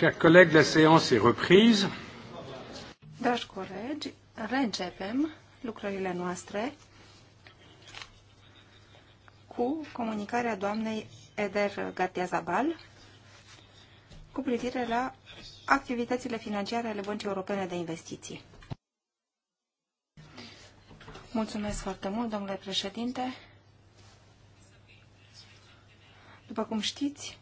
Chers collègues, la séance est reprise. Dragi colegi, reîncepem lucrările noastre cu comunicarea doamnei Eder Gatiazabal cu privire la activitățile financiare ale Băncii Europene de Investiții. Mulțumesc foarte mult, domnule președinte. După cum știți,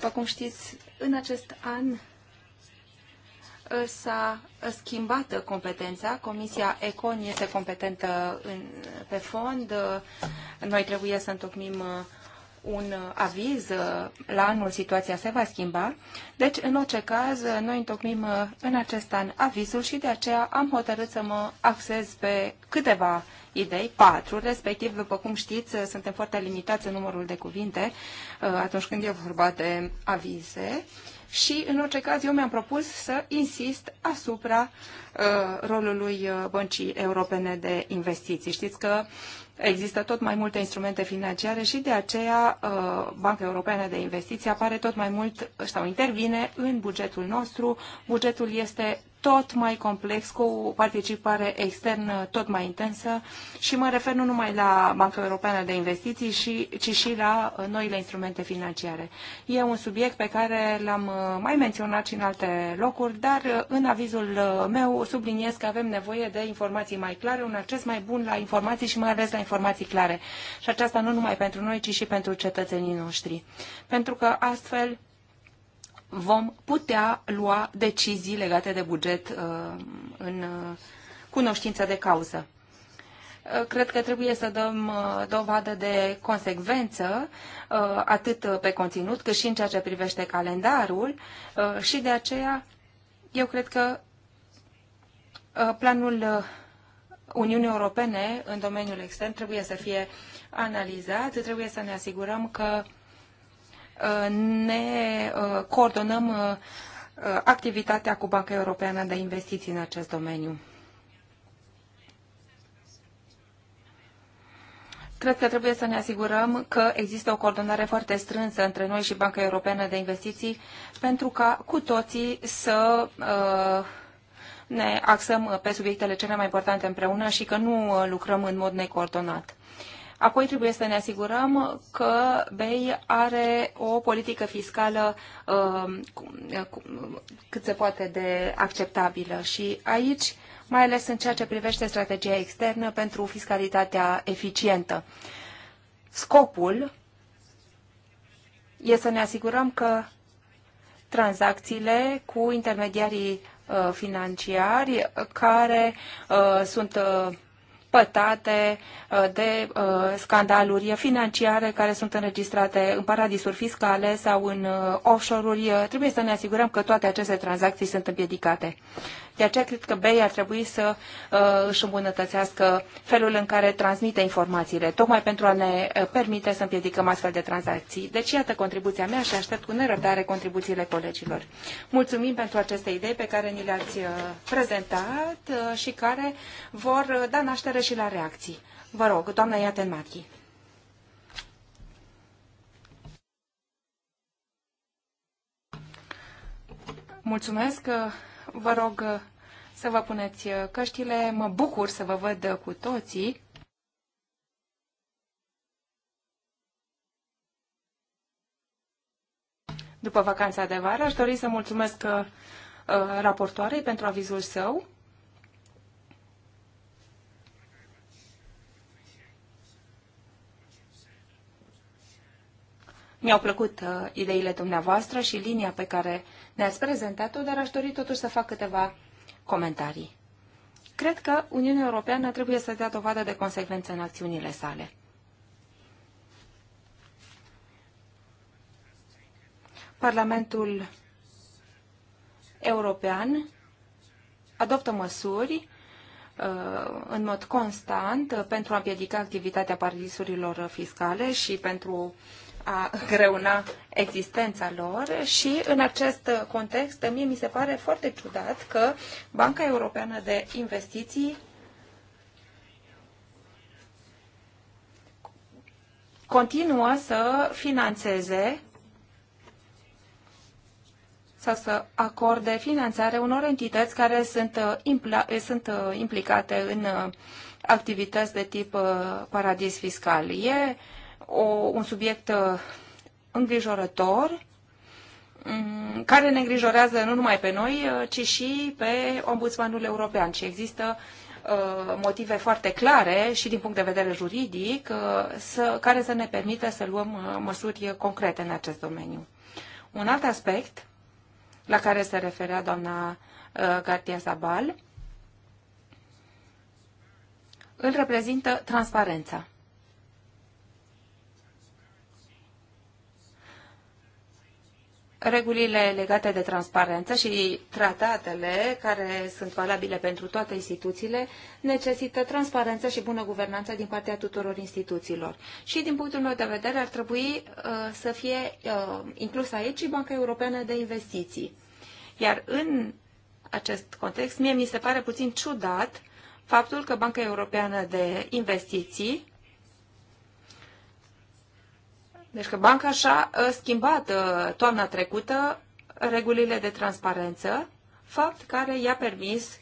După cum știți, în acest an ă, s-a schimbat competența. Comisia ECON este competentă în, pe fond. Noi trebuie să întocmim ă, un aviz. Ă, la anul situația se va schimba. Deci, în orice caz, noi întocmim în acest an avizul și de aceea am hotărât să mă axez pe câteva idei, patru, respectiv, după cum știți, suntem foarte limitați în numărul de cuvinte uh, atunci când e vorba de avize și, în orice caz, eu mi-am propus să insist asupra uh, rolului uh, Băncii Europene de Investiții. Știți că există tot mai multe instrumente financiare și de aceea Banca Europeană de Investiții apare tot mai mult sau intervine în bugetul nostru. Bugetul este tot mai complex, cu o participare externă tot mai intensă și mă refer nu numai la Banca Europeană de Investiții, și, ci și la uh, noile instrumente financiare. E un subiect pe care l-am uh, mai menționat și în alte locuri, dar uh, în avizul meu subliniez că avem nevoie de informații mai clare, un acces mai bun la informații și mai ales la informații clare. Și aceasta nu numai pentru noi, ci și pentru cetățenii noștri. Pentru că astfel vom putea lua decizii legate de buget uh, în uh, cunoștință de cauză. Uh, cred că trebuie să dăm dovadă de consecvență atât pe conținut cât și în ceea ce privește calendarul și de aceea eu cred că planul Uniunii Europene în domeniul extern trebuie să fie analizat, trebuie să ne asigurăm că Uh, ne uh, coordonăm uh, activitatea cu Banca Europeană de Investiții în acest domeniu. Cred că trebuie să ne asigurăm că există o coordonare foarte strânsă între noi și Banca Europeană de Investiții pentru ca cu toții să ne axăm pe subiectele cele mai importante împreună și că nu lucrăm în mod necoordonat. Apoi trebuie să ne asigurăm că BEI are o politică fiscală um, cât se poate de acceptabilă și aici, mai ales în ceea ce privește strategia externă pentru fiscalitatea eficientă. Scopul e să ne asigurăm că tranzacțiile cu intermediarii uh, financiari care uh, sunt uh, pătate uh, de uh, scandaluri financiare care sunt înregistrate în paradisuri fiscale sau în uh, offshore-uri. Trebuie să ne asigurăm că toate aceste tranzacții sunt împiedicate. De aceea cred că BEI ar trebui să uh, își îmbunătățească felul în care transmite informațiile, tocmai pentru a ne uh, permite să împiedicăm astfel de tranzacții. Deci iată contribuția mea și aștept cu nerăbdare contribuțiile colegilor. Mulțumim pentru aceste idei pe care ni le-ați uh, prezentat uh, și care vor da naștere și la reacții. Vă rog, doamna Iaten Marchi. Mulțumesc. Vă rog uh, să vă puneți uh, căștile. Mă bucur să vă văd uh, cu toții. După vacanța de vară, aș dori să mulțumesc raportoarei pentru avizul său. Mi-au plăcut uh, ideile dumneavoastră și linia pe care ne-ați prezentat-o, dar aș dori totuși să fac câteva comentarii. Cred că Uniunea Europeană trebuie să dea dovadă de consecvență în acțiunile sale. Parlamentul European adoptă măsuri uh, în mod constant uh, pentru a împiedica activitatea paradisurilor fiscale și pentru a greuna existența lor și în acest context mie mi se pare foarte ciudat că Banca Europeană de Investiții continuă să financeze sau să acorde finanțare unor entități care sunt, uh, impla, uh, sunt uh, implicate în activități de tip paradis fiscal. E o, un subiect uh, îngrijorător mm, care ne îngrijorează nu numai pe noi, uh, ci și pe ombudsmanul european. Și există uh, motive foarte clare și din punct de vedere juridic să, care să ne permită să luăm măsuri concrete în acest domeniu. Un alt aspect la care se referea doamna Gartia Zabal îl reprezintă transparența. regulile legate de transparență și tratatele care sunt valabile pentru toate instituțiile necesită transparență și bună guvernanță din partea tuturor instituțiilor. Și din punctul meu de vedere ar trebui uh, să fie uh, inclusă aici și Banca Europeană de Investiții. Iar în acest context, mie mi se pare puțin ciudat faptul că Banca Europeană de Investiții deci că banca și-a uh, schimbat uh, toamna trecută regulile de transparență, fapt care i-a permis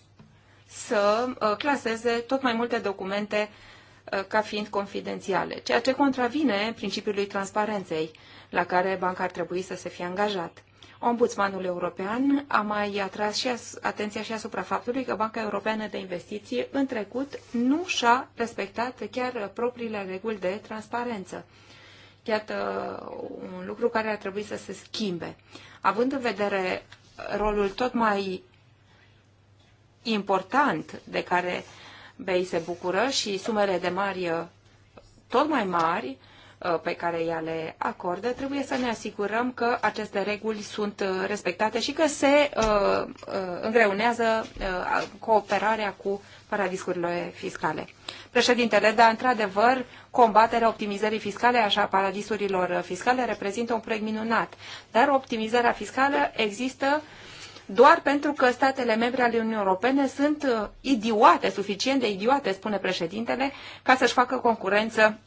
să uh, claseze tot mai multe documente ca fiind confidențiale, ceea ce contravine principiului transparenței la care banca ar trebui să se fie angajat. Ombudsmanul european a mai atras și atenția și asupra faptului că Banca Europeană de Investiții în trecut nu și-a respectat chiar propriile reguli de transparență. Iată un lucru care ar trebui să se schimbe. Având în vedere rolul tot mai important de care BEI se bucură și sumele de mari tot mai mari, Uh, pe care ea le acordă, trebuie să ne asigurăm că aceste reguli sunt uh, respectate și că se uh, îngreunează cooperarea cu paradiscurile fiscale. Președintele, da, într-adevăr, combaterea optimizării fiscale, așa paradisurilor fiscale, reprezintă un proiect minunat. Dar optimizarea fiscală există doar pentru că statele membre ale Uniunii Europene sunt idiote, suficient de idiote, spune președintele, ca să-și facă concurență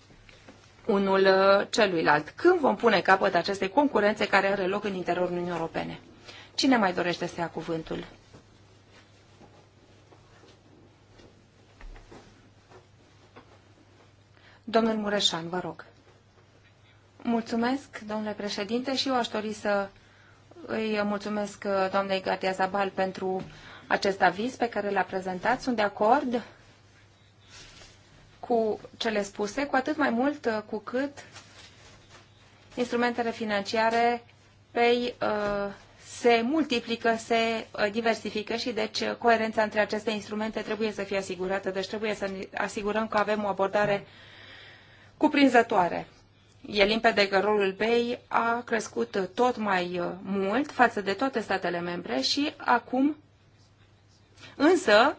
unul uh, celuilalt. Când vom pune capăt acestei concurențe care are loc în interiorul Uniunii Europene? Cine mai dorește să ia cuvântul? Domnul Mureșan, vă rog. Mulțumesc, domnule președinte, și eu aș dori să îi mulțumesc uh, doamnei Gatia Zabal pentru acest aviz pe care l-a prezentat. Sunt de acord cu cele spuse, cu atât mai mult uh, cu cât instrumentele financiare pei uh, se multiplică, se uh, diversifică și deci coerența între aceste instrumente trebuie să fie asigurată. Deci trebuie să ne asigurăm că avem o abordare cuprinzătoare. E limpede că rolul BEI a crescut tot mai mult față de toate statele membre și acum, însă,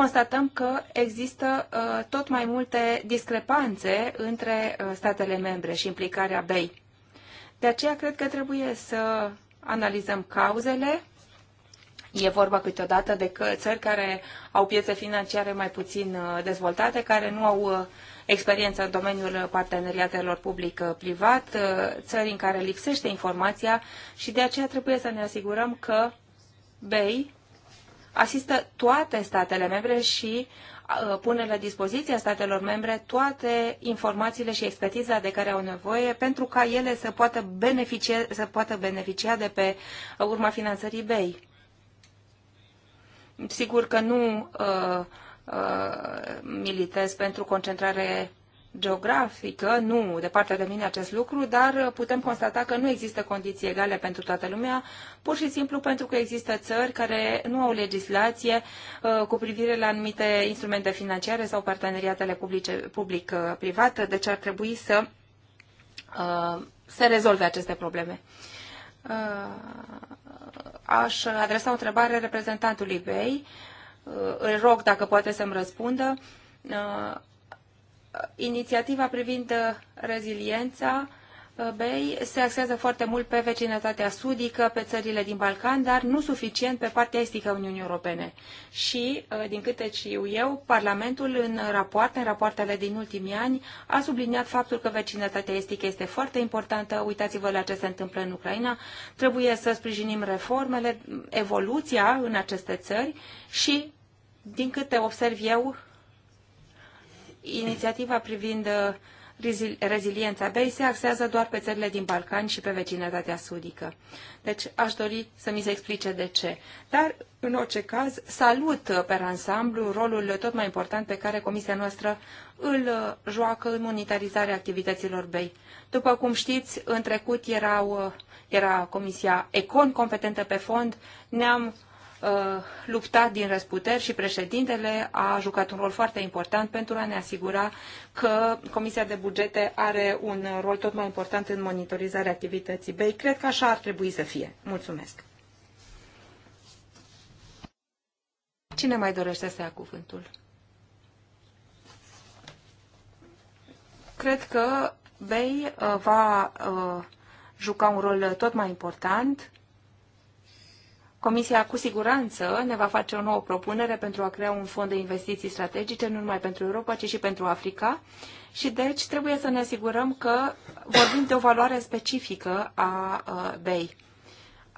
constatăm că există uh, tot mai multe discrepanțe între uh, statele membre și implicarea BEI. De aceea cred că trebuie să analizăm cauzele. E vorba câteodată de că țări care au piețe financiare mai puțin uh, dezvoltate, care nu au uh, experiență în domeniul parteneriatelor public-privat, uh, țări în care lipsește informația și de aceea trebuie să ne asigurăm că BEI asistă toate statele membre și uh, pune la dispoziția statelor membre toate informațiile și expertiza de care au nevoie pentru ca ele să poată beneficia, să poată beneficia de pe urma finanțării BEI. Sigur că nu uh, uh, militez pentru concentrare geografică, nu departe de mine acest lucru, dar putem constata că nu există condiții egale pentru toată lumea, pur și simplu pentru că există țări care nu au legislație uh, cu privire la anumite instrumente financiare sau parteneriatele public-private, uh, deci ar trebui să uh, se rezolve aceste probleme. Uh, aș adresa o întrebare reprezentantului BEI, uh, îl rog dacă poate să-mi răspundă uh, Uh, inițiativa privind uh, reziliența uh, BEI se axează foarte mult pe vecinătatea sudică, pe țările din Balcan, dar nu suficient pe partea estică a Uniunii Europene. Și, din câte știu eu, Parlamentul în rapoarte, în rapoartele din ultimii ani, a subliniat faptul că vecinătatea estică este foarte importantă. Uitați-vă la ce se întâmplă în Ucraina. Trebuie să sprijinim reformele, evoluția în aceste țări și, din câte observ eu, inițiativa privind uh, reziliența BEI se axează doar pe țările din Balcani și pe vecinătatea sudică. Deci aș dori să mi se explice de ce. Dar, în orice caz, salut uh, pe ansamblu rolul tot mai important pe care Comisia noastră îl uh, joacă în monitorizarea activităților BEI. După cum știți, în trecut erau, era Comisia Econ competentă pe fond, ne-am Uh, lupta din răsputeri și președintele a jucat un rol foarte important pentru a ne asigura că Comisia de Bugete are un rol tot mai important în monitorizarea activității BEI. Cred că așa ar trebui să fie. Mulțumesc! Cine mai dorește să ia cuvântul? Cred că BEI uh, va uh, juca un rol tot mai important Comisia cu siguranță ne va face o nouă propunere pentru a crea un fond de investiții strategice, nu numai pentru Europa, ci și pentru Africa. Și deci trebuie să ne asigurăm că vorbim de o valoare specifică a BEI,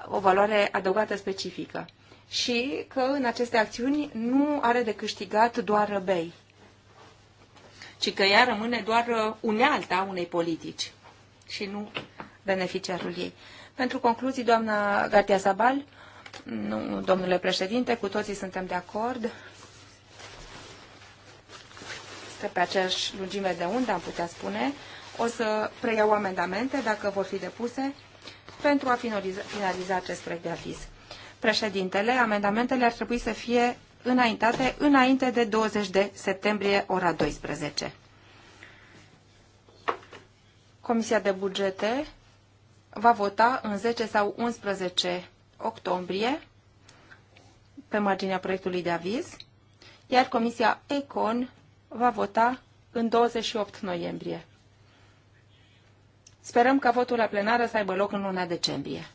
o valoare adăugată specifică. Și că în aceste acțiuni nu are de câștigat doar BEI, ci că ea rămâne doar unealta unei politici și nu beneficiarul ei. Pentru concluzii, doamna Gartia Sabal, nu, domnule președinte, cu toții suntem de acord că pe aceeași lungime de undă, am putea spune, o să preiau amendamente, dacă vor fi depuse, pentru a finaliza, finaliza acest proiect de aviz. Președintele, amendamentele ar trebui să fie înaintate înainte de 20 de septembrie, ora 12. Comisia de bugete va vota în 10 sau 11 octombrie pe marginea proiectului de aviz, iar Comisia ECON va vota în 28 noiembrie. Sperăm ca votul la plenară să aibă loc în luna decembrie.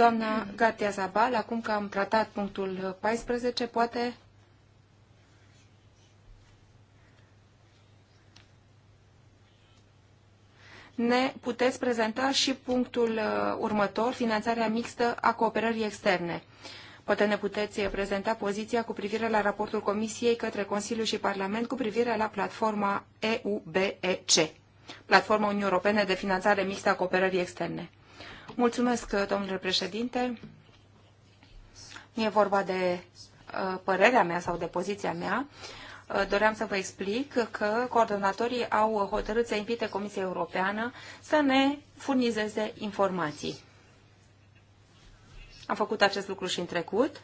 Doamna Gatia Zabal, acum că am tratat punctul 14, poate ne puteți prezenta și punctul uh, următor, finanțarea mixtă a cooperării externe. Poate ne puteți prezenta poziția cu privire la raportul Comisiei către Consiliu și Parlament cu privire la platforma EUBEC, Platforma Uniunii Europene de Finanțare Mixtă a Cooperării Externe. Mulțumesc, domnule președinte. Nu e vorba de uh, părerea mea sau de poziția mea. Uh, doream să vă explic că coordonatorii au hotărât să invite Comisia Europeană să ne furnizeze informații. Am făcut acest lucru și în trecut.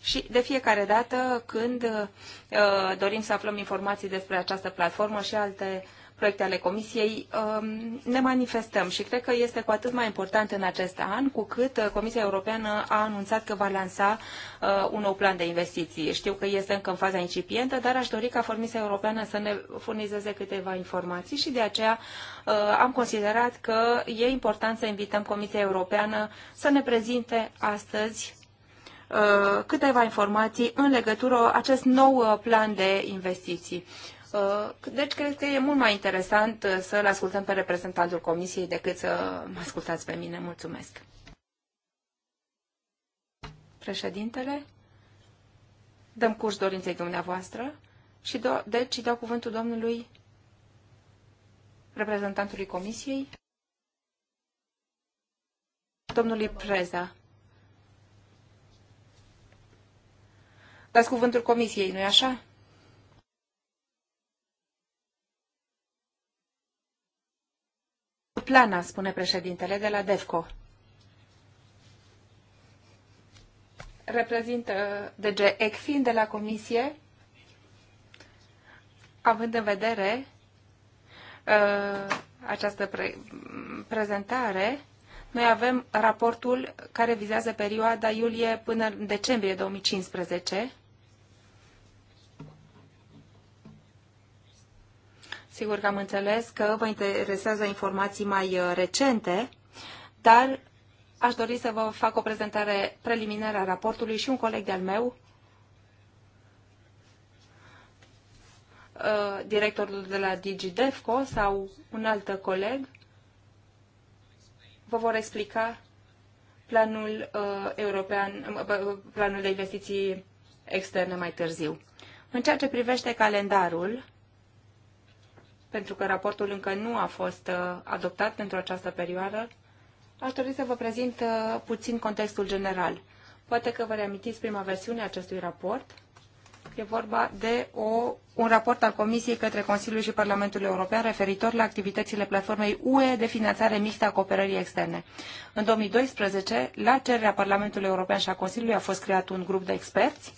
Și de fiecare dată când uh, dorim să aflăm informații despre această platformă și alte proiecte ale Comisiei, um, ne manifestăm și cred că este cu atât mai important în acest an, cu cât uh, Comisia Europeană a anunțat că va lansa uh, un nou plan de investiții. Știu că este încă în faza incipientă, dar aș dori ca Comisia Europeană să ne furnizeze câteva informații și de aceea uh, am considerat că e important să invităm Comisia Europeană să ne prezinte astăzi câteva informații în legătură acest nou plan de investiții. Uh, deci cred că e mult mai interesant uh, să-l ascultăm pe reprezentantul Comisiei decât să mă ascultați pe mine. Mulțumesc. Președintele, dăm curs dorinței dumneavoastră și do- deci dau cuvântul domnului reprezentantului Comisiei, domnului Preza. Dați cuvântul Comisiei, nu-i așa? Plana, spune președintele, de la DEFCO. Reprezintă DG ECFIN de la Comisie, având în vedere uh, această pre- prezentare, noi avem raportul care vizează perioada iulie până în decembrie 2015 Sigur că am înțeles că vă interesează informații mai uh, recente, dar aș dori să vă fac o prezentare preliminară a raportului și un coleg de-al meu, uh, directorul de la DigiDefco sau un alt coleg, vă vor explica planul uh, european, planul de investiții externe mai târziu. În ceea ce privește calendarul, pentru că raportul încă nu a fost uh, adoptat pentru această perioadă, aș dori să vă prezint uh, puțin contextul general. Poate că vă reamintiți prima versiune a acestui raport. E vorba de o, un raport al Comisiei către Consiliul și Parlamentul European referitor la activitățile platformei UE de finanțare mixtă a cooperării externe. În 2012, la cererea Parlamentului European și a Consiliului a fost creat un grup de experți.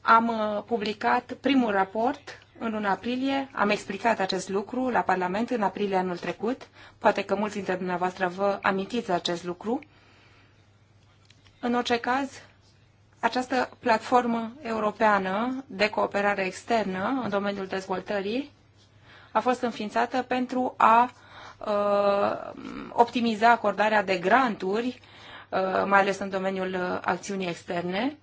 Am uh, publicat primul raport în luna aprilie am explicat acest lucru la Parlament în aprilie anul trecut. Poate că mulți dintre dumneavoastră vă amintiți acest lucru. În orice caz, această platformă europeană de cooperare externă în domeniul dezvoltării a fost înființată pentru a uh, optimiza acordarea de granturi, uh, mai ales în domeniul uh, acțiunii externe,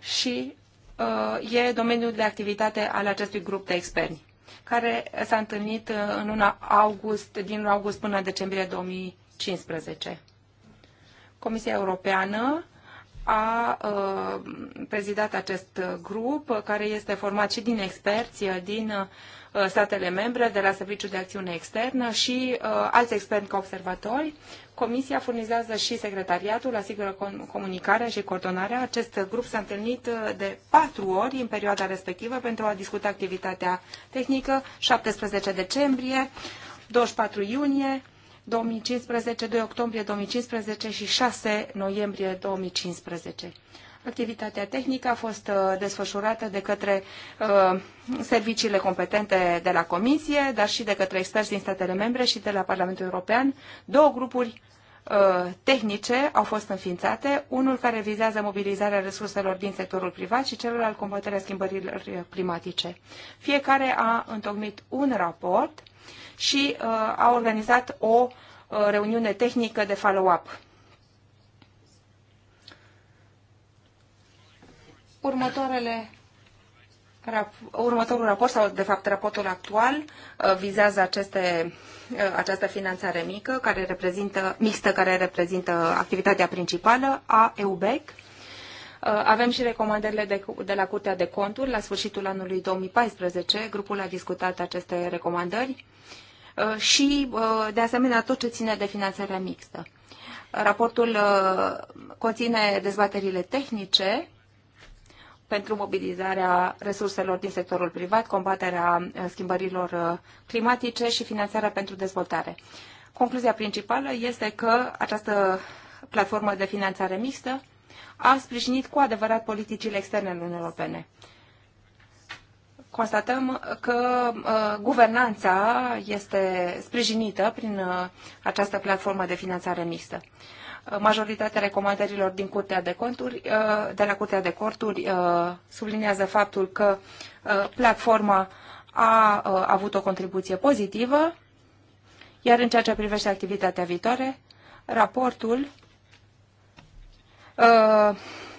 și Uh, e domeniul de activitate al acestui grup de experți, care s-a întâlnit uh, în luna august, din luna august până decembrie 2015. Comisia Europeană a uh, prezidat acest grup, care este format și din experți din Uh, statele membre, de la Serviciul de Acțiune Externă și uh, alți experți ca observatori. Comisia furnizează și secretariatul, asigură comunicarea și coordonarea. Acest grup s-a întâlnit uh, de patru ori în perioada respectivă pentru a discuta activitatea tehnică, 17 decembrie, 24 iunie, 2015, 2 octombrie 2015 și 6 noiembrie 2015. Activitatea tehnică a fost uh, desfășurată de către uh, serviciile competente de la Comisie, dar și de către experți din statele membre și de la Parlamentul European. Două grupuri uh, tehnice au fost înființate, unul care vizează mobilizarea resurselor din sectorul privat și celălalt combaterea schimbărilor climatice. Fiecare a întocmit un raport și a organizat o reuniune tehnică de follow-up Următoarele Următorul raport, sau de fapt raportul actual, uh, vizează aceste, uh, această finanțare mică, care reprezintă, mixtă, care reprezintă activitatea principală a EUBEC. Uh, avem și recomandările de, de la Curtea de Conturi. La sfârșitul anului 2014, grupul a discutat aceste recomandări și, de asemenea, tot ce ține de finanțarea mixtă. Raportul conține dezbaterile tehnice pentru mobilizarea resurselor din sectorul privat, combaterea eh, schimbărilor eh, climatice și finanțarea pentru dezvoltare. Concluzia principală este că această platformă de finanțare mixtă a sprijinit cu adevărat politicile externe ale Uniunii Europene. Constatăm că uh, guvernanța este sprijinită prin uh, această platformă de finanțare mixtă. Uh, majoritatea recomandărilor din Curtea de Conturi, uh, de la Curtea de Corturi uh, subliniază faptul că uh, platforma a avut o contribuție pozitivă, iar în ceea ce privește activitatea viitoare, raportul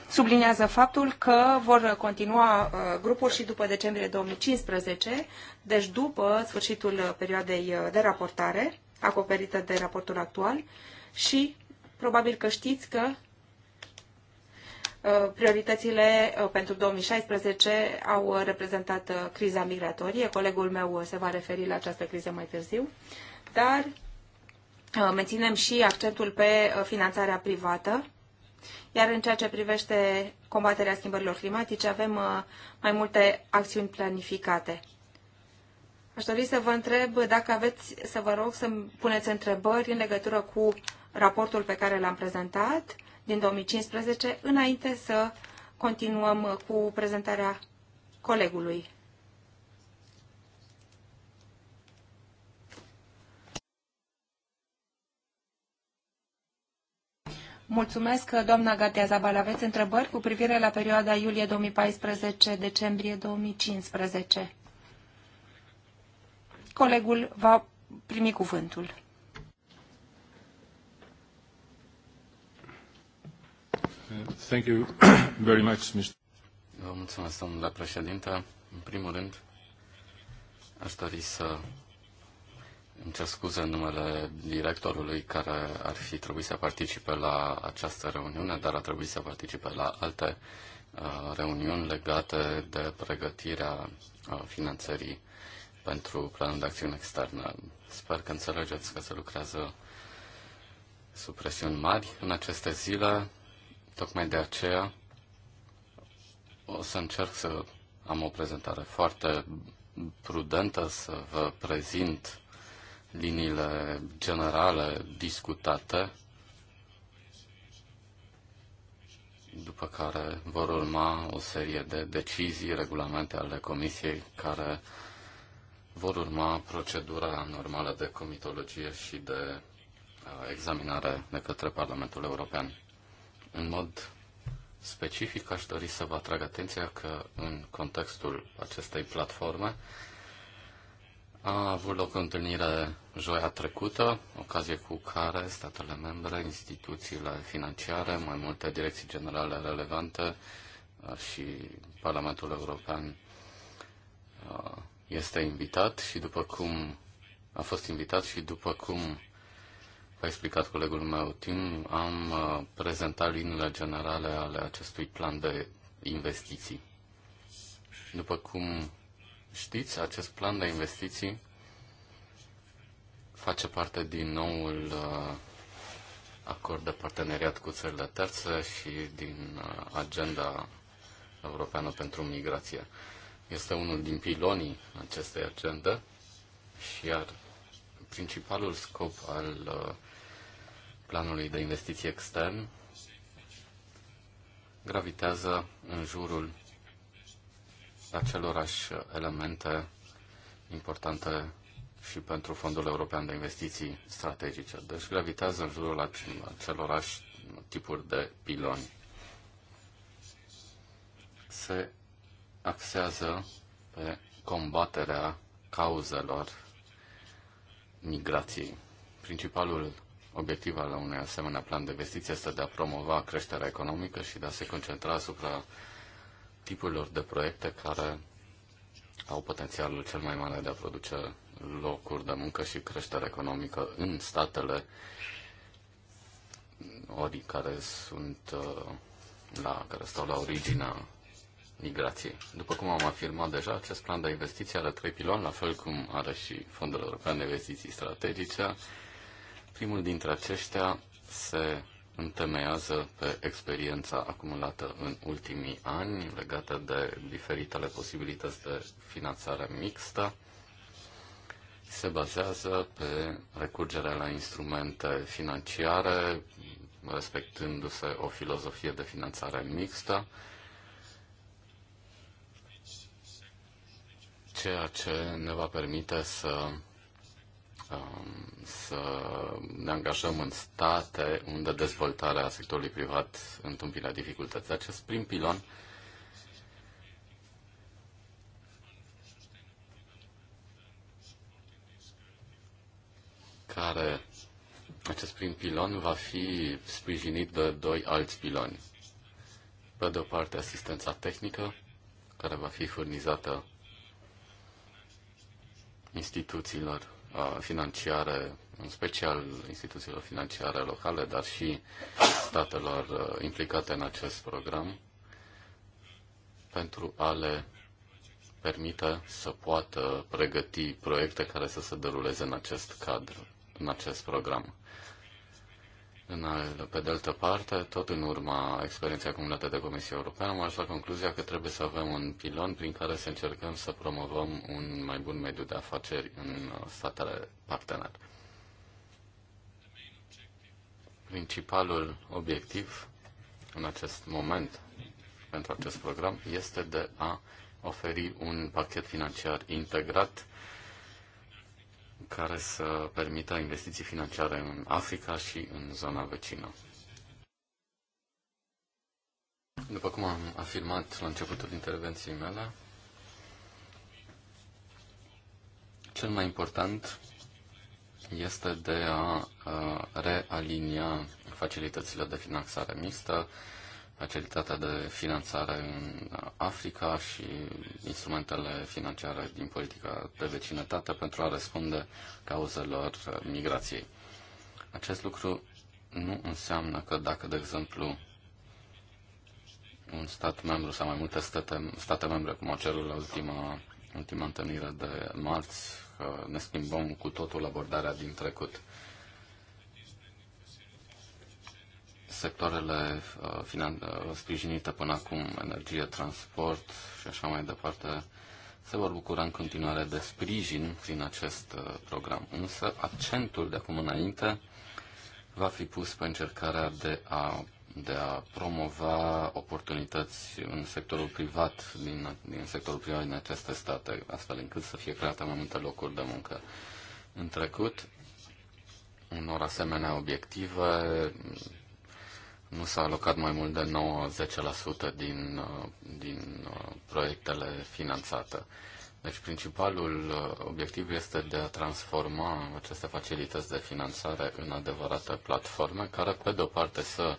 subliniază faptul că vor continua grupuri și după decembrie 2015, deci după sfârșitul perioadei de raportare acoperită de raportul actual și Probabil că știți că uh, prioritățile uh, pentru 2016 au uh, reprezentat criza migratorie. Colegul meu se va referi la această criză mai târziu, dar menținem și accentul pe finanțarea privată. Iar în ceea ce privește combaterea schimbărilor climatice, avem mai multe acțiuni planificate. Aș dori să vă întreb dacă aveți, să vă rog să puneți întrebări în legătură cu raportul pe care l-am prezentat din 2015, înainte să continuăm cu prezentarea colegului. Mulțumesc, doamna Gatia Zabal. Aveți întrebări cu privire la perioada iulie 2014-decembrie 2015? colegul va primi cuvântul. Thank you very much, Mr. Vă mulțumesc, domnule președinte. În primul rând, aș dori să îmi cer scuze în numele directorului care ar fi trebuit să participe la această reuniune, dar a trebuit să participe la alte uh, reuniuni legate de pregătirea uh, finanțării pentru planul de acțiune externă. Sper că înțelegeți că se lucrează sub presiuni mari în aceste zile. Tocmai de aceea o să încerc să am o prezentare foarte prudentă, să vă prezint liniile generale discutate, după care vor urma o serie de decizii, regulamente ale Comisiei care vor urma procedura normală de comitologie și de uh, examinare de către Parlamentul European. În mod specific, aș dori să vă atrag atenția că în contextul acestei platforme a avut loc o întâlnire joia trecută, ocazie cu care statele membre, instituțiile financiare, mai multe direcții generale relevante uh, și Parlamentul European uh, este invitat și după cum a fost invitat și după cum a explicat colegul meu Tim, am uh, prezentat liniile generale ale acestui plan de investiții. După cum știți, acest plan de investiții face parte din noul uh, acord de parteneriat cu țările terțe și din uh, agenda europeană pentru migrație este unul din pilonii acestei agende și iar principalul scop al uh, planului de investiții extern gravitează în jurul acelorași elemente importante și pentru Fondul European de Investiții Strategice. Deci gravitează în jurul acelorași tipuri de piloni. Se axează pe combaterea cauzelor migrației. Principalul obiectiv al unui asemenea plan de investiție este de a promova creșterea economică și de a se concentra asupra tipurilor de proiecte care au potențialul cel mai mare de a produce locuri de muncă și creștere economică în statele ori care sunt uh, la, care stau la originea migrației. După cum am afirmat deja, acest plan de investiții are trei piloni, la fel cum are și Fondul European de Investiții Strategice. Primul dintre aceștia se întemeiază pe experiența acumulată în ultimii ani legată de diferitele posibilități de finanțare mixtă. Se bazează pe recurgerea la instrumente financiare, respectându-se o filozofie de finanțare mixtă, ceea ce ne va permite să um, să ne angajăm în state unde dezvoltarea sectorului privat întâmpină dificultăți. Acest prim pilon care acest prim pilon va fi sprijinit de doi alți piloni. Pe de o parte, asistența tehnică, care va fi furnizată instituțiilor uh, financiare, în special instituțiilor financiare locale, dar și statelor uh, implicate în acest program, pentru a le permite să poată pregăti proiecte care să se deruleze în acest cadru, în acest program. În al, pe de altă parte, tot în urma experienței acumulate de Comisia Europeană, am ajuns la concluzia că trebuie să avem un pilon prin care să încercăm să promovăm un mai bun mediu de afaceri în uh, statele partener. Principalul obiectiv în acest moment pentru acest program este de a oferi un pachet financiar integrat care să permită investiții financiare în Africa și în zona vecină. După cum am afirmat la începutul intervenției mele, cel mai important este de a realinia facilitățile de finanțare mixtă, facilitatea de finanțare în Africa și instrumentele financiare din politica de vecinătate pentru a răspunde cauzelor migrației. Acest lucru nu înseamnă că dacă, de exemplu, un stat membru sau mai multe state, state membre, cum au cerut la ultima, ultima întâlnire de marți, ne schimbăm cu totul abordarea din trecut. sectoarele uh, finan- uh, sprijinite până acum, energie, transport și așa mai departe, se vor bucura în continuare de sprijin prin acest uh, program. Însă accentul de acum înainte va fi pus pe încercarea de a, de a promova oportunități în sectorul privat, din, din sectorul privat din aceste state, astfel încât să fie create mai multe locuri de muncă. În trecut, unor asemenea obiective nu s-a alocat mai mult de 9-10% din, uh, din uh, proiectele finanțate. Deci principalul uh, obiectiv este de a transforma aceste facilități de finanțare în adevărate platforme care, pe de o parte, să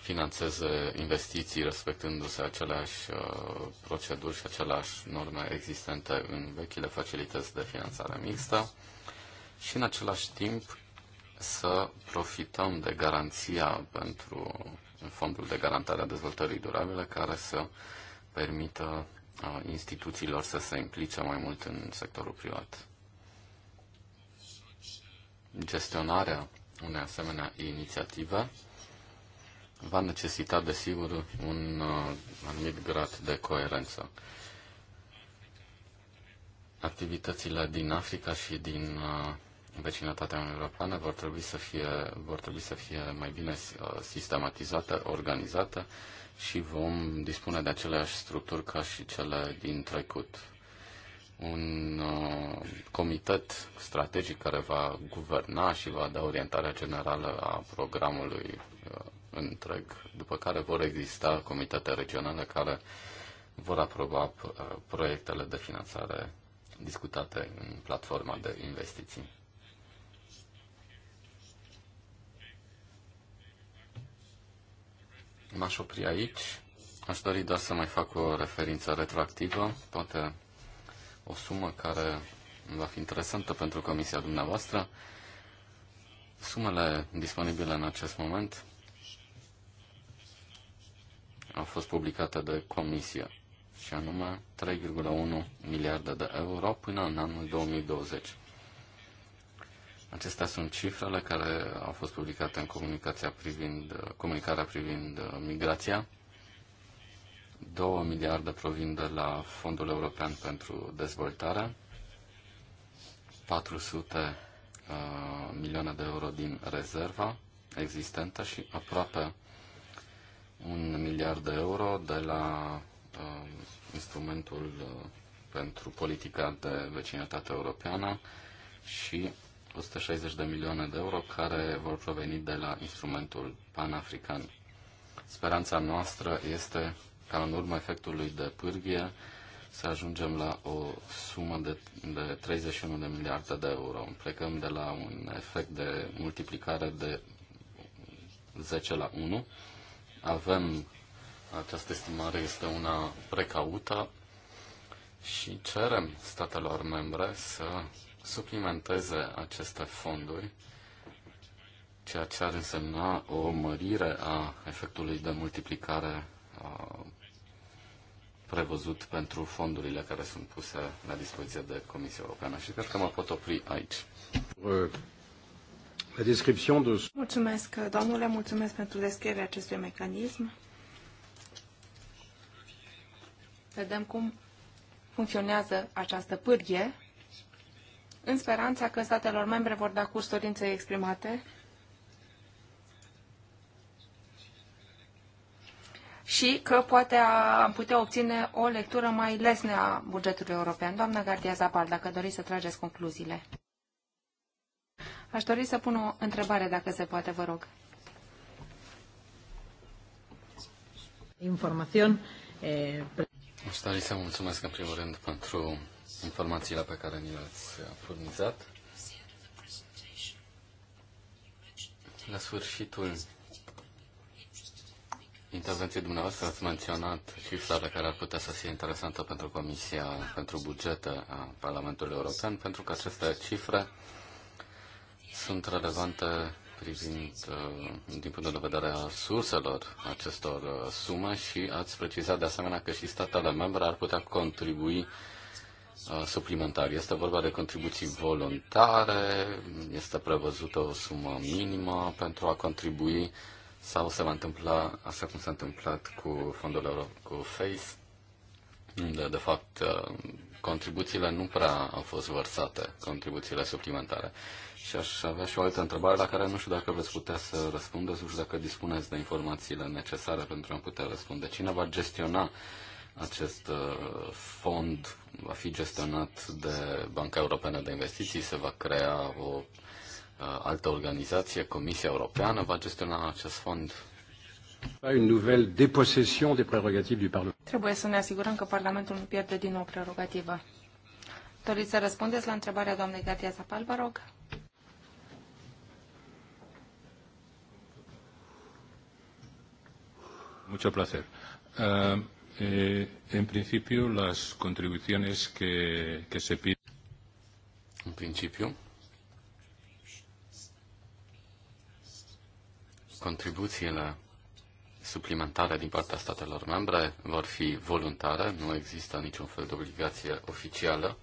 financeze investiții respectându-se aceleași proceduri și aceleași norme existente în vechile facilități de finanțare mixtă și, în același timp, să profităm de garanția pentru Fondul de Garantare a Dezvoltării Durabile, care să permită instituțiilor să se implice mai mult în sectorul privat. Gestionarea unei asemenea inițiative va necesita, desigur, un anumit grad de coerență. Activitățile din Africa și din vecinătatea Uniunii Europene vor trebui să fie, vor trebui să fie mai bine uh, sistematizată, organizată și vom dispune de aceleași structuri ca și cele din trecut. Un uh, comitet strategic care va guverna și va da orientarea generală a programului uh, întreg, după care vor exista comitete regionale care vor aproba uh, proiectele de finanțare discutate în platforma de investiții. M-aș opri aici. Aș dori doar să mai fac o referință retroactivă, poate o sumă care va fi interesantă pentru comisia dumneavoastră. Sumele disponibile în acest moment au fost publicate de comisie și anume 3,1 miliarde de euro până în anul 2020. Acestea sunt cifrele care au fost publicate în comunicația privind, comunicarea privind uh, migrația. 2 miliarde provin de la Fondul European pentru Dezvoltare, 400 uh, milioane de euro din rezerva existentă și aproape un miliard de euro de la uh, instrumentul uh, pentru politica de vecinătate europeană și 160 de milioane de euro care vor proveni de la instrumentul panafrican. Speranța noastră este ca în urma efectului de pârghie să ajungem la o sumă de, de 31 de miliarde de euro. Plecăm de la un efect de multiplicare de 10 la 1. Avem, această estimare este una precaută și cerem statelor membre să suplimenteze aceste fonduri, ceea ce ar însemna o mărire a efectului de multiplicare a, prevăzut pentru fondurile care sunt puse la dispoziție de Comisia Europeană și cred că mă pot opri aici. Mulțumesc, domnule, mulțumesc pentru descrierea acestui mecanism. Vedem cum funcționează această pârghie în speranța că statelor membre vor da curs dorinței exprimate și că poate am putea obține o lectură mai lesne a bugetului european. Doamna Gardia Zapal, dacă doriți să trageți concluziile. Aș dori să pun o întrebare, dacă se poate, vă rog. Informațion. Eh, Aș dori să mulțumesc în primul rând pentru informațiile pe care ni le-ați furnizat. La sfârșitul intervenției dumneavoastră ați menționat cifra pe care ar putea să fie interesantă pentru Comisia pentru Bugete a Parlamentului European, pentru că aceste cifre sunt relevante privind uh, din punctul de vedere a surselor acestor uh, sume și ați precizat de asemenea că și statele membre ar putea contribui Uh, suplimentari. Este vorba de contribuții voluntare, este prevăzută o sumă minimă pentru a contribui sau se va întâmpla așa cum s-a întâmplat cu fondul euro, cu FACE, unde de fapt uh, contribuțiile nu prea au fost vărsate, contribuțiile suplimentare. Și aș avea și o altă întrebare la care nu știu dacă veți putea să răspundeți, nu știu dacă dispuneți de informațiile necesare pentru a putea răspunde. Cine va gestiona uh, acest uh, fond va fi gestionat de Banca Europeană de Investiții, se va crea o uh, altă organizație, Comisia Europeană, va gestiona acest fond Trebuie să ne asigurăm că Parlamentul nu pierde din nou prerogativă. Doriți să răspundeți la întrebarea doamnei Gatia Zapal, vă rog? Mulțumesc. Uh, Eh, en principio, las contribuciones que, que se piden. En principio, contribuțiile suplimentare din partea statelor membre vor fi voluntare, nu există niciun fel de obligație oficială,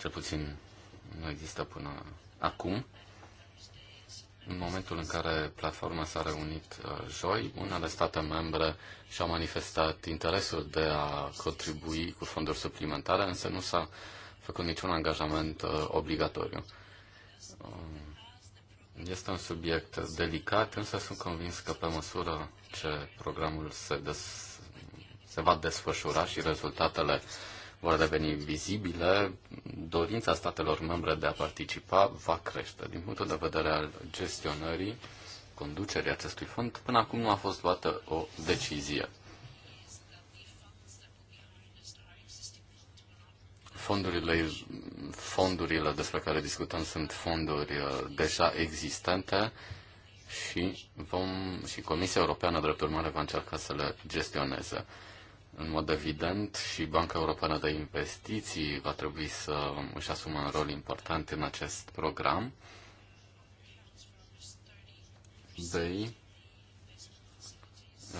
cel puțin nu există până acum. În momentul în care platforma s-a reunit uh, joi, unele state membre și-au manifestat interesul de a contribui cu fonduri suplimentare, însă nu s-a făcut niciun angajament uh, obligatoriu. Um, este un subiect delicat, însă sunt convins că pe măsură ce programul se, des, se va desfășura și rezultatele uh, vor deveni vizibile, dorința statelor membre de a participa va crește. Din punctul de vedere al gestionării, conducerii acestui fond, până acum nu a fost luată o decizie. Fondurile, fondurile despre care discutăm sunt fonduri uh, deja existente și, vom, și Comisia Europeană, drept urmare, va încerca să le gestioneze în mod evident și Banca Europeană de Investiții va trebui să își asume un rol important în acest program. BEI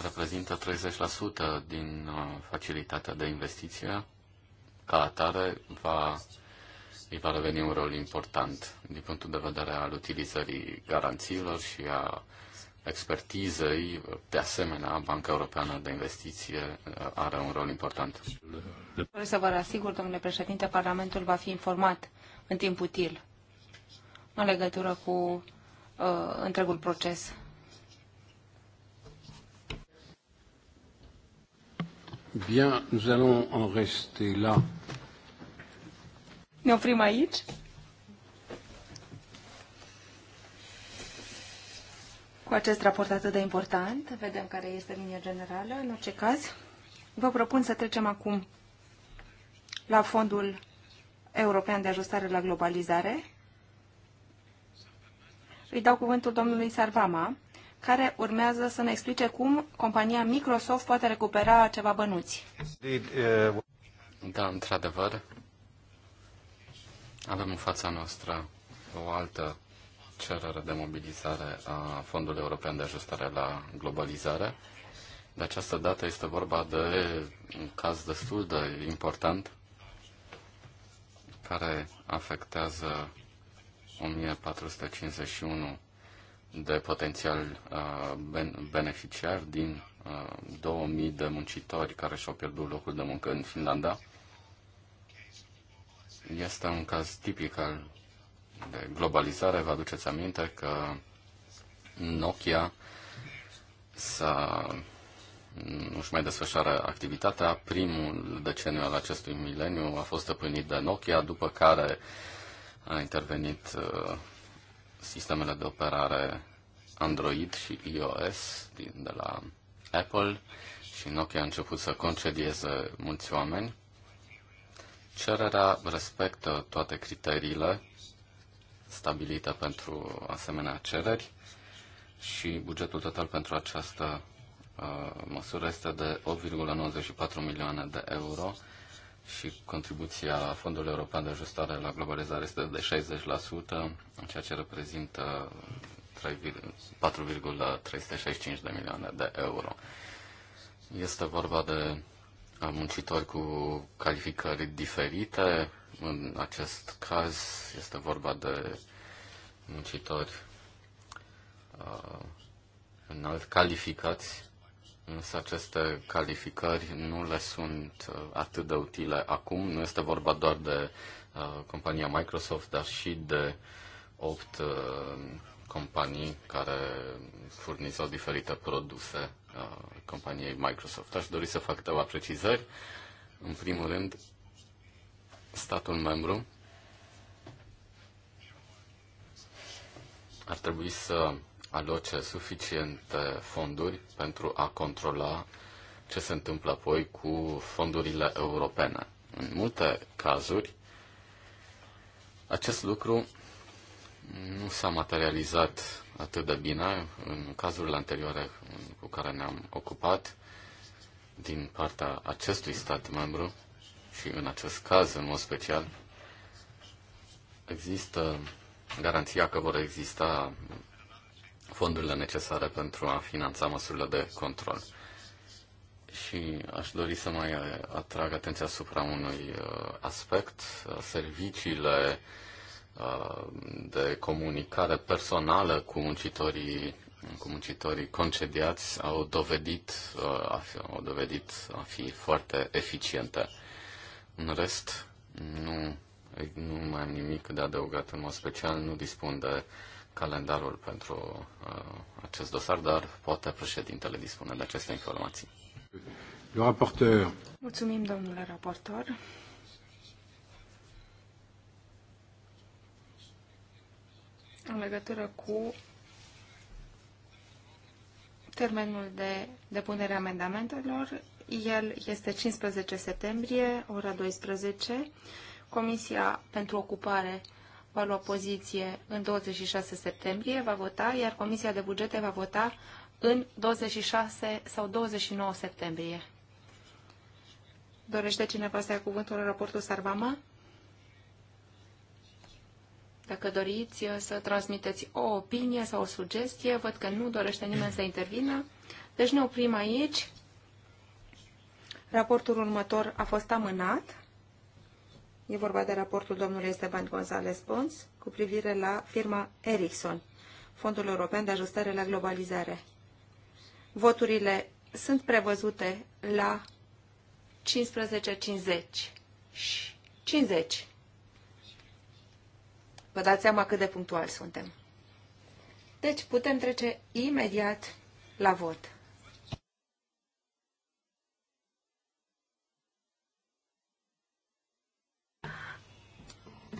reprezintă 30% din uh, facilitatea de investiție, ca atare va, îi va reveni un rol important din punctul de vedere al utilizării garanțiilor și a expertizei. De asemenea, Banca Europeană de Investiție uh, are un rol important. Vreau să vă asigur, domnule președinte, Parlamentul va fi informat în timp util în legătură cu uh, întregul proces. Bien, nous allons en rester là. Ne oprim aici. cu acest raport atât de important. Vedem care este linia generală. În orice caz, vă propun să trecem acum la Fondul European de Ajustare la Globalizare. Îi dau cuvântul domnului Sarvama, care urmează să ne explice cum compania Microsoft poate recupera ceva bănuți. Da, într-adevăr, avem în fața noastră o altă cerere de mobilizare a Fondului European de Ajustare la Globalizare. De această dată este vorba de un caz destul de important care afectează 1451 de potențial uh, beneficiari din 2000 uh, de muncitori care și-au pierdut locul de muncă în Finlanda. Este un caz tipic al de globalizare, vă aduceți aminte că Nokia să nu-și mai desfășoară activitatea. Primul deceniu al acestui mileniu a fost stăpânit de Nokia, după care a intervenit uh, sistemele de operare Android și iOS din, de la Apple și Nokia a început să concedieze mulți oameni. Cererea respectă toate criteriile stabilită pentru asemenea cereri și bugetul total pentru această uh, măsură este de 8,94 milioane de euro și contribuția Fondului European de Ajustare la Globalizare este de 60%, ceea ce reprezintă 4,365 de milioane de euro. Este vorba de uh, muncitori cu calificări diferite, în acest caz este vorba de muncitori uh, înalt calificați, însă aceste calificări nu le sunt uh, atât de utile acum. Nu este vorba doar de uh, compania Microsoft, dar și de opt uh, companii care furnizau diferite produse uh, companiei Microsoft. Aș dori să fac câteva precizări. În primul rând, statul membru ar trebui să aloce suficiente fonduri pentru a controla ce se întâmplă apoi cu fondurile europene. În multe cazuri, acest lucru nu s-a materializat atât de bine în cazurile anterioare cu care ne-am ocupat din partea acestui stat membru și în acest caz, în mod special, există garanția că vor exista fondurile necesare pentru a finanța măsurile de control. Și aș dori să mai atrag atenția asupra unui uh, aspect. Uh, serviciile uh, de comunicare personală cu muncitorii, cu muncitorii concediați au dovedit, au dovedit a fi foarte eficiente. În rest, nu, nu mai am nimic de adăugat în mod special, nu dispun de calendarul pentru uh, acest dosar, dar poate președintele dispune de aceste informații. Le raporteur. Mulțumim, domnule raportor. În legătură cu termenul de depunere a amendamentelor el este 15 septembrie, ora 12. Comisia pentru ocupare va lua poziție în 26 septembrie, va vota, iar Comisia de Bugete va vota în 26 sau 29 septembrie. Dorește cineva să ia cuvântul în raportul Sarvama? Dacă doriți să transmiteți o opinie sau o sugestie, văd că nu dorește nimeni să intervină. Deci ne oprim aici. Raportul următor a fost amânat. E vorba de raportul domnului Esteban González Pons cu privire la firma Ericsson, Fondul European de Ajustare la Globalizare. Voturile sunt prevăzute la 15.50. 50. Vă dați seama cât de punctual suntem. Deci putem trece imediat la vot.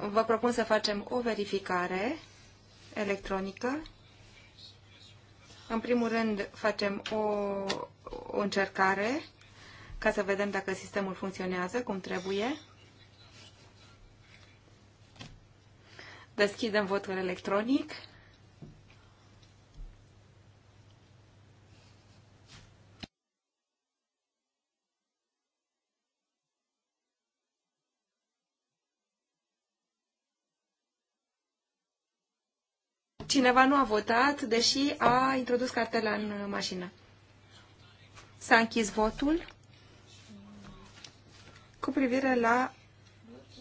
vă propun să facem o verificare electronică. În primul rând facem o, o încercare ca să vedem dacă sistemul funcționează cum trebuie. Deschidem votul electronic. Cineva nu a votat, deși a introdus cartela în mașină. S-a închis votul cu privire la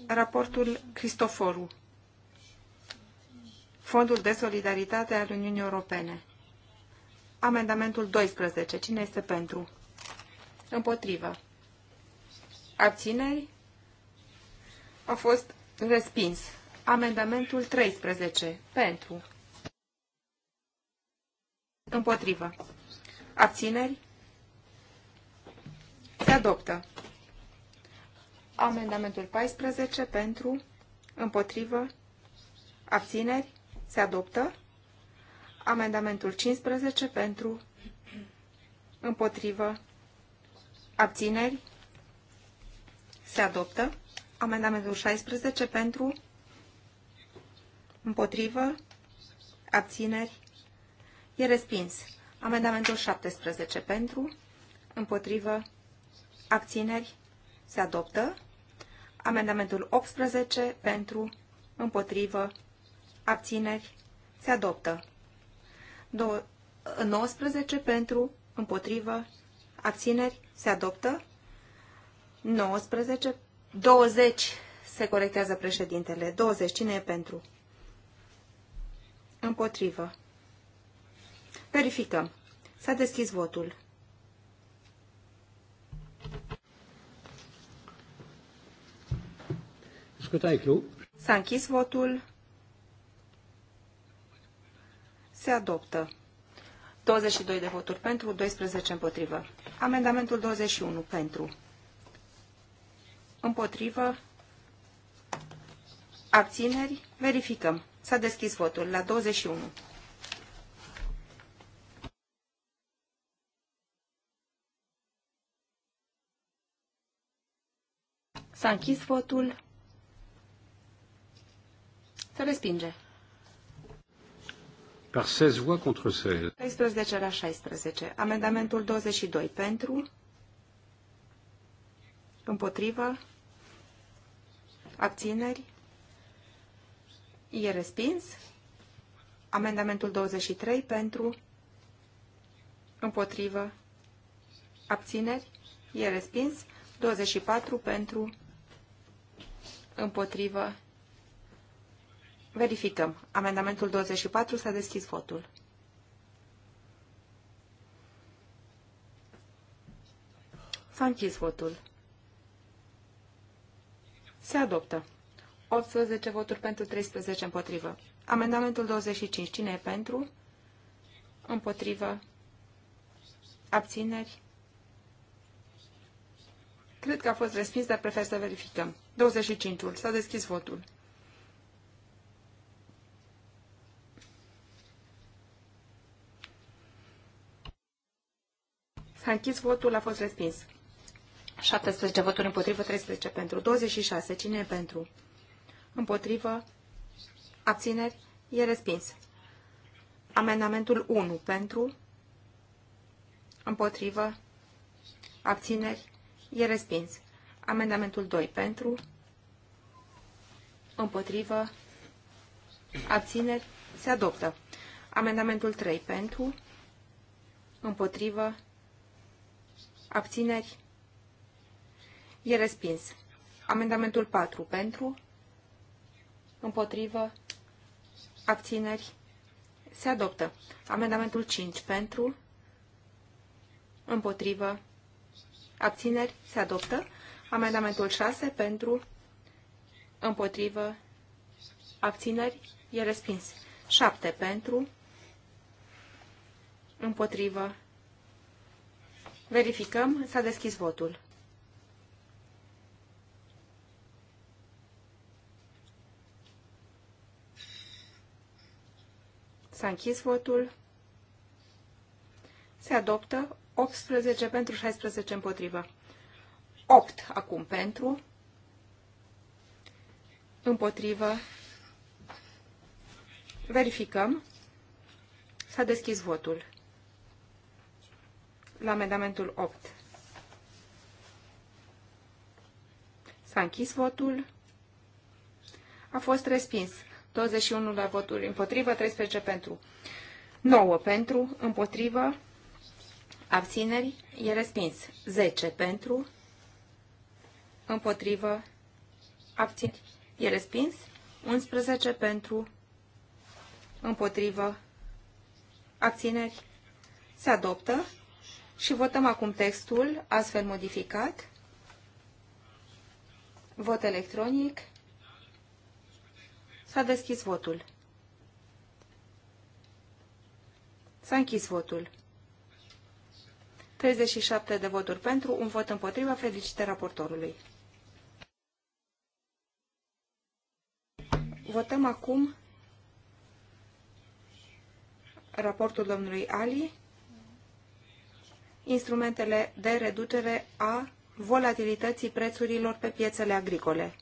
raportul Cristoforu, Fondul de Solidaritate al Uniunii Europene. Amendamentul 12. Cine este pentru? Împotrivă. Abțineri? A fost respins. Amendamentul 13. Pentru. Împotrivă. Abțineri. Se adoptă. Amendamentul 14 pentru, împotrivă, abțineri, se adoptă. Amendamentul 15 pentru, împotrivă, abțineri, se adoptă. Amendamentul 16 pentru, împotrivă, abțineri, E respins. Amendamentul 17 pentru, împotrivă, abțineri, se adoptă. Amendamentul 18 pentru, împotrivă, abțineri, se adoptă. 19 pentru, împotrivă, abțineri, se adoptă. 19, 20 se corectează președintele. 20, cine e pentru? Împotrivă. Verificăm. S-a deschis votul. S-a închis votul. Se adoptă. 22 de voturi pentru, 12 împotrivă. Amendamentul 21 pentru. Împotrivă. Abțineri. Verificăm. S-a deschis votul la 21. S-a închis votul. Se respinge. Par 16 voix contre 16. 16 la 16. Amendamentul 22 pentru. Împotrivă. Abțineri. E respins. Amendamentul 23 pentru. Împotrivă. Abțineri. E respins. 24 pentru împotrivă. Verificăm. Amendamentul 24 s-a deschis votul. S-a închis votul. Se adoptă. 18 voturi pentru, 13 împotrivă. Amendamentul 25. Cine e pentru? Împotrivă. Abțineri. Cred că a fost respins, dar prefer să verificăm. 25-ul. S-a deschis votul. S-a închis votul, a fost respins. 17 voturi împotrivă, 13 pentru. 26. Cine e pentru? Împotrivă. Abțineri. E respins. Amendamentul 1 pentru. Împotrivă. Abțineri. E respins. Amendamentul 2 pentru, împotrivă, abțineri, se adoptă. Amendamentul 3 pentru, împotrivă, abțineri, e respins. Amendamentul 4 pentru, împotrivă, abțineri, se adoptă. Amendamentul 5 pentru, împotrivă, abțineri, se adoptă. Amendamentul 6 pentru, împotrivă, abțineri, e respins. 7 pentru, împotrivă. Verificăm, s-a deschis votul. S-a închis votul. Se adoptă 18 pentru, 16 împotrivă. 8 acum pentru, împotrivă. Verificăm. S-a deschis votul la amendamentul 8. S-a închis votul. A fost respins. 21 la voturi împotrivă, 13 pentru. 9 pentru, împotrivă, Abțineri e respins. 10 pentru. Împotrivă. Abțineri e respins. 11 pentru. Împotrivă. Abțineri. Se adoptă. Și votăm acum textul astfel modificat. Vot electronic. S-a deschis votul. S-a închis votul. 37 de voturi pentru, un vot împotriva. Felicitări raportorului. Votăm acum raportul domnului Ali, instrumentele de reducere a volatilității prețurilor pe piețele agricole.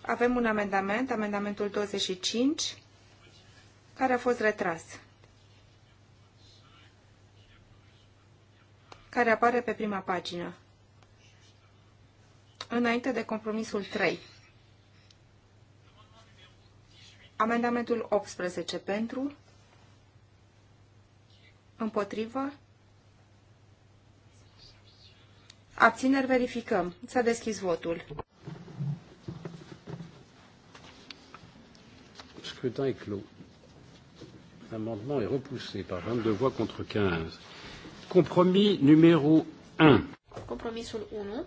Avem un amendament, amendamentul 25, care a fost retras, care apare pe prima pagină, înainte de compromisul 3. Amendamentul 18 pentru, împotrivă, abțineri verificăm. S-a deschis votul. Scrutin clos amendement est repoussé par 22 voix contre 15. Compromis numéro 1. Compromisul 1.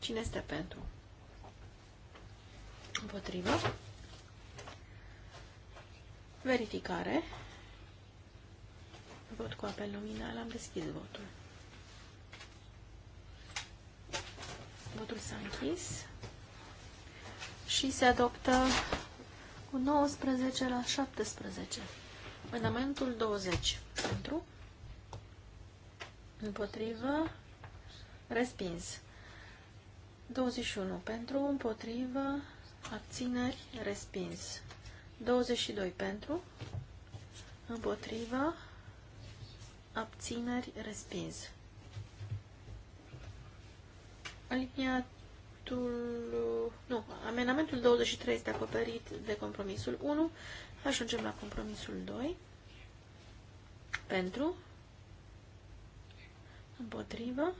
Cine este pentru? Împotrivă. Verificare. Vot cu apel nominal. Am deschis votul. Votul s-a închis și se adoptă cu 19 la 17. Amendamentul 20. Pentru. Împotrivă. Respins. 21. Pentru. Împotrivă. Abțineri. Respins. 22. Pentru. Împotrivă. Abțineri. Respins. Alinia Amendamentul, uh, nu, amendamentul 23 este acoperit de compromisul 1. Ajungem la compromisul 2. Pentru. Împotrivă.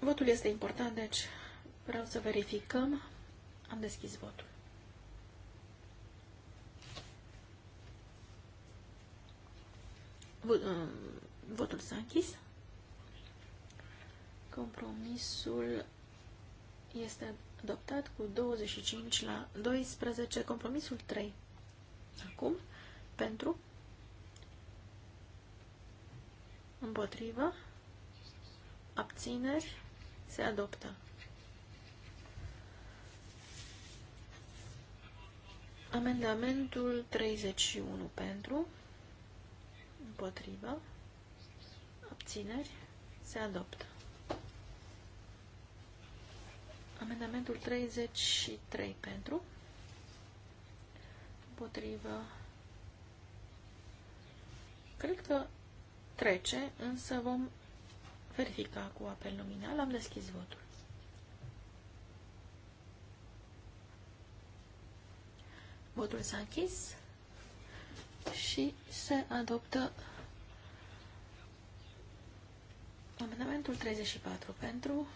Votul este important, deci vreau să verificăm. Am deschis votul. Uh, votul s-a închis. Compromisul este adoptat cu 25 la 12, compromisul 3. Acum, pentru, împotrivă, abțineri, se adoptă. Amendamentul 31 pentru, împotrivă, abțineri, se adoptă. Amendamentul 33 pentru. Împotrivă. Cred că trece, însă vom verifica cu apel nominal. Am deschis votul. Votul s-a închis și se adoptă amendamentul 34 pentru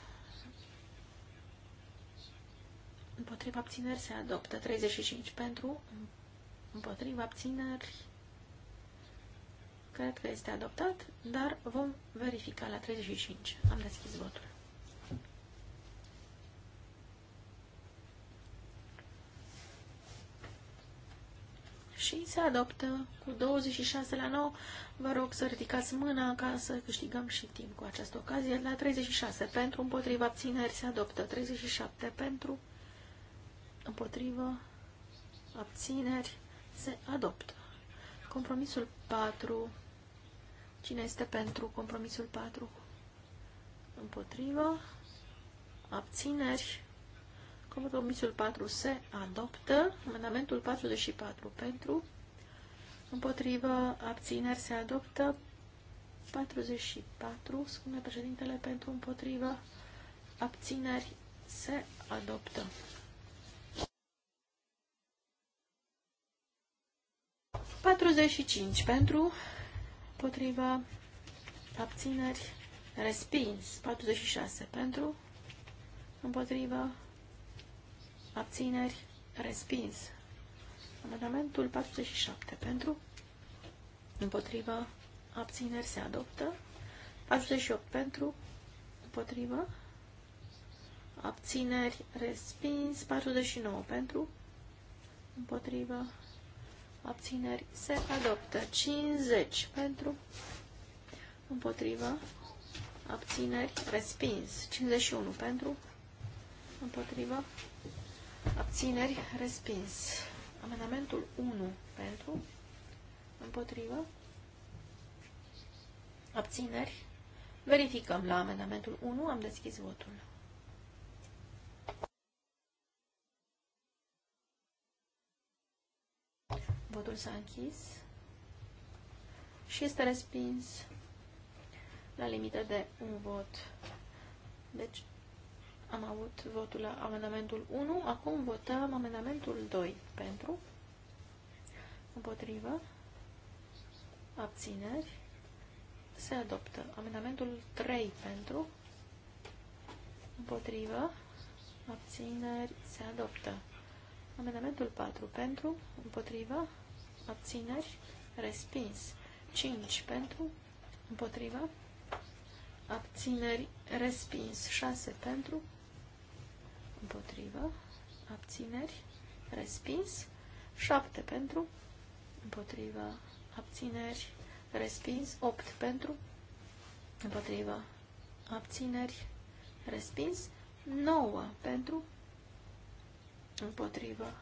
împotriva abțineri se adoptă. 35 pentru, împotriva abțineri, cred că este adoptat, dar vom verifica la 35. Am deschis votul. și se adoptă cu 26 la 9. Vă rog să ridicați mâna ca să câștigăm și timp cu această ocazie. La 36 pentru, împotriva abțineri se adoptă. 37 pentru, împotrivă, abțineri, se adoptă. Compromisul 4. Cine este pentru compromisul 4? Împotrivă, abțineri, compromisul 4 se adoptă. Amendamentul 44 pentru, împotrivă, abțineri, se adoptă. 44, spune președintele, pentru împotrivă, abțineri, se adoptă. 45 pentru, potriva, abțineri, respins. 46 pentru, împotriva, abțineri, respins. Amendamentul 47 pentru, împotriva, abțineri, se adoptă. 48 pentru, împotriva, abțineri, respins. 49 pentru, împotriva, abțineri se adoptă. 50 pentru, împotrivă, abțineri, respins. 51 pentru, împotrivă, abțineri, respins. Amendamentul 1 pentru, împotrivă, abțineri. Verificăm la amendamentul 1, am deschis votul. Votul s-a închis și este respins la limită de un vot. Deci am avut votul la amendamentul 1, acum votăm amendamentul 2 pentru, împotrivă, abțineri, se adoptă. Amendamentul 3 pentru, împotrivă, abțineri, se adoptă. Amendamentul 4 pentru, împotrivă, abțineri, respins. 5 pentru, împotriva, abțineri, respins. 6 pentru, împotriva, abțineri, respins. 7 pentru, împotriva, abțineri, respins. 8 pentru, împotriva, abțineri, respins. 9 pentru, împotriva, abțineri,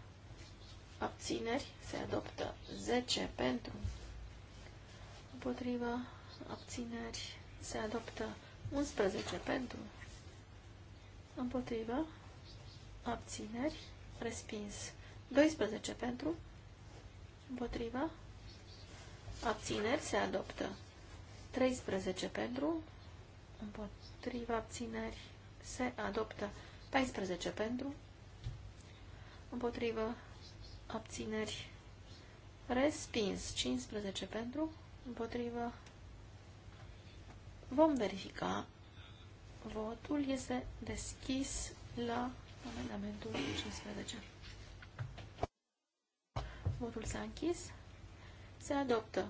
abțineri, se adoptă 10 pentru, împotriva, abțineri, se adoptă 11 pentru, împotriva, abțineri, respins 12 pentru, împotriva, abțineri, se adoptă 13 pentru, împotriva, abțineri, se adoptă 14 pentru, împotrivă, abțineri, respins. 15 pentru, împotrivă. Vom verifica. Votul este deschis la amendamentul 15. Votul s-a închis. Se adoptă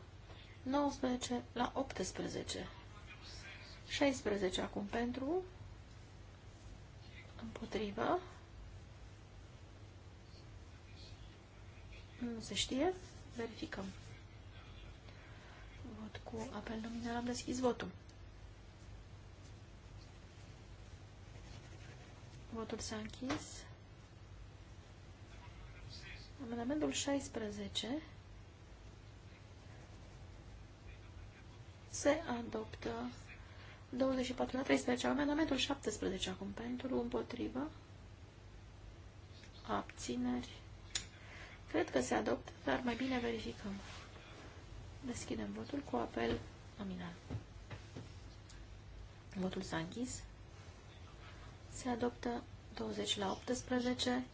19 la 18. 16 acum pentru, împotrivă, Nu se știe. Verificăm. Vot cu apel nominal. Am deschis votul. Votul s-a închis. Amendamentul 16 se adoptă 24 la 13. Amendamentul 17 acum pentru, împotrivă, abțineri, Cred că se adoptă, dar mai bine verificăm. Deschidem votul cu apel nominal. Votul s-a închis. Se adoptă 20 la 18.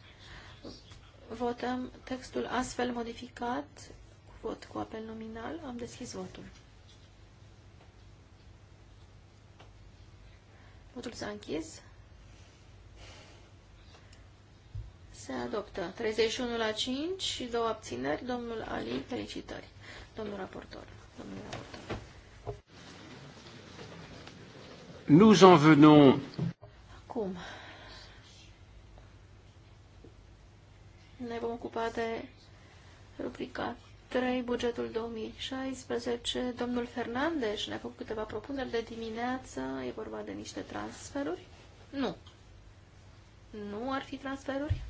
Votăm textul astfel modificat cu vot cu apel nominal. Am deschis votul. Votul s-a închis. se adoptă. 31 la 5 și două abțineri. Domnul Ali, felicitări. Domnul raportor. Domnul raportor. Nous en venons. Acum. Ne vom ocupa de rubrica 3, bugetul 2016. Domnul Fernandez ne-a făcut câteva propuneri de dimineață. E vorba de niște transferuri? Nu. Nu ar fi transferuri?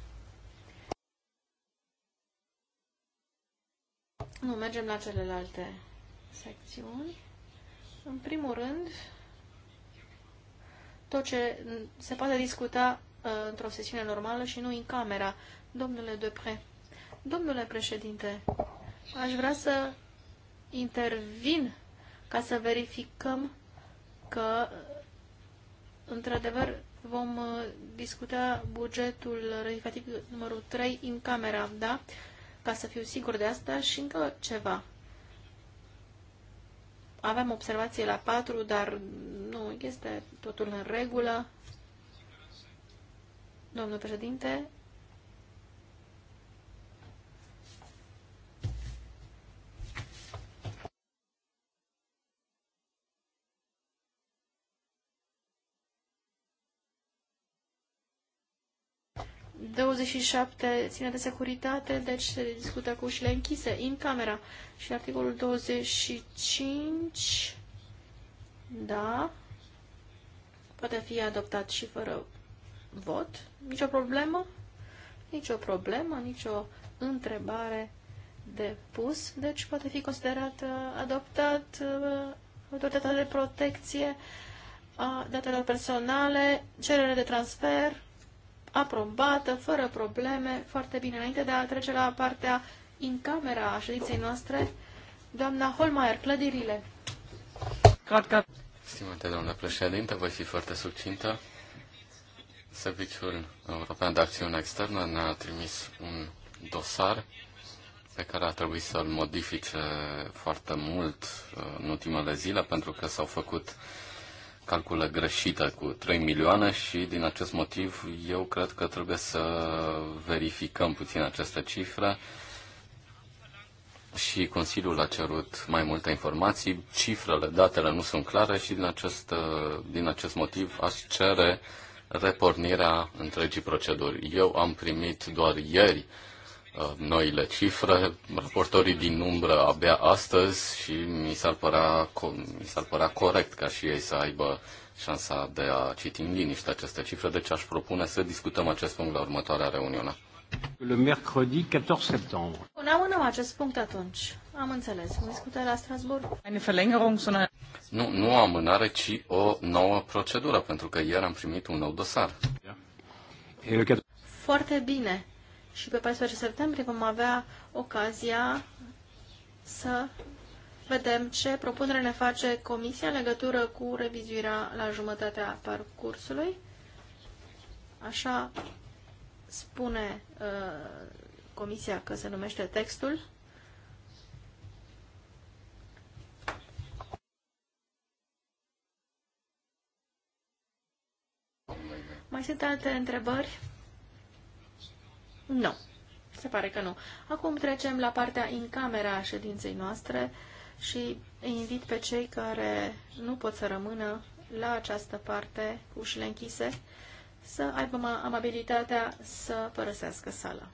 Nu, mergem la celelalte secțiuni. În primul rând, tot ce se poate discuta uh, într-o sesiune normală și nu în camera. Domnule Depre, domnule președinte, aș vrea să intervin ca să verificăm că, într-adevăr, vom uh, discuta bugetul rectificativ numărul 3 în camera, da? ca să fiu sigur de asta și încă ceva. Aveam observație la 4, dar nu este totul în regulă. Domnul președinte, 27 ține de securitate, deci se discută cu ușile închise, în camera. Și articolul 25, da, poate fi adoptat și fără vot. Nicio problemă? Nicio problemă, nicio întrebare de pus, deci poate fi considerat uh, adoptat uh, autoritatea de protecție a datelor personale, cerere de transfer, aprobată, fără probleme, foarte bine. Înainte de a trece la partea în camera a ședinței noastre, doamna Holmeier, clădirile. Cat, cat. Stimate doamnă președinte, voi fi foarte succintă. Serviciul European de Acțiune Externă ne-a trimis un dosar pe care a trebuit să-l modifice foarte mult uh, în ultimele zile, pentru că s-au făcut uh, calculă greșită cu 3 milioane și din acest motiv eu cred că trebuie să verificăm puțin această cifră și Consiliul a cerut mai multe informații, cifrele, datele nu sunt clare și din acest, din acest motiv aș cere repornirea întregii proceduri. Eu am primit doar ieri uh, Uh, noile cifre. Raportorii din umbră abia astăzi și mi s-ar părea, mi s-ar părea corect ca și ei să aibă șansa de a citi în liniște aceste cifre, deci aș propune să discutăm acest punct la următoarea reuniune. Le mercredi 14 septembre. Până amânăm acest punct atunci. Am înțeles. Vom discuta la Strasburg. Nu, nu o amânare, ci o nouă procedură, pentru că ieri am primit un nou dosar. Foarte bine și pe 14 septembrie vom avea ocazia să vedem ce propunere ne face Comisia în legătură cu revizuirea la jumătatea parcursului. Așa spune uh, Comisia că se numește textul. Mai sunt alte întrebări? Nu. Se pare că nu. Acum trecem la partea în camera a ședinței noastre și îi invit pe cei care nu pot să rămână la această parte cu ușile închise să aibă amabilitatea să părăsească sala.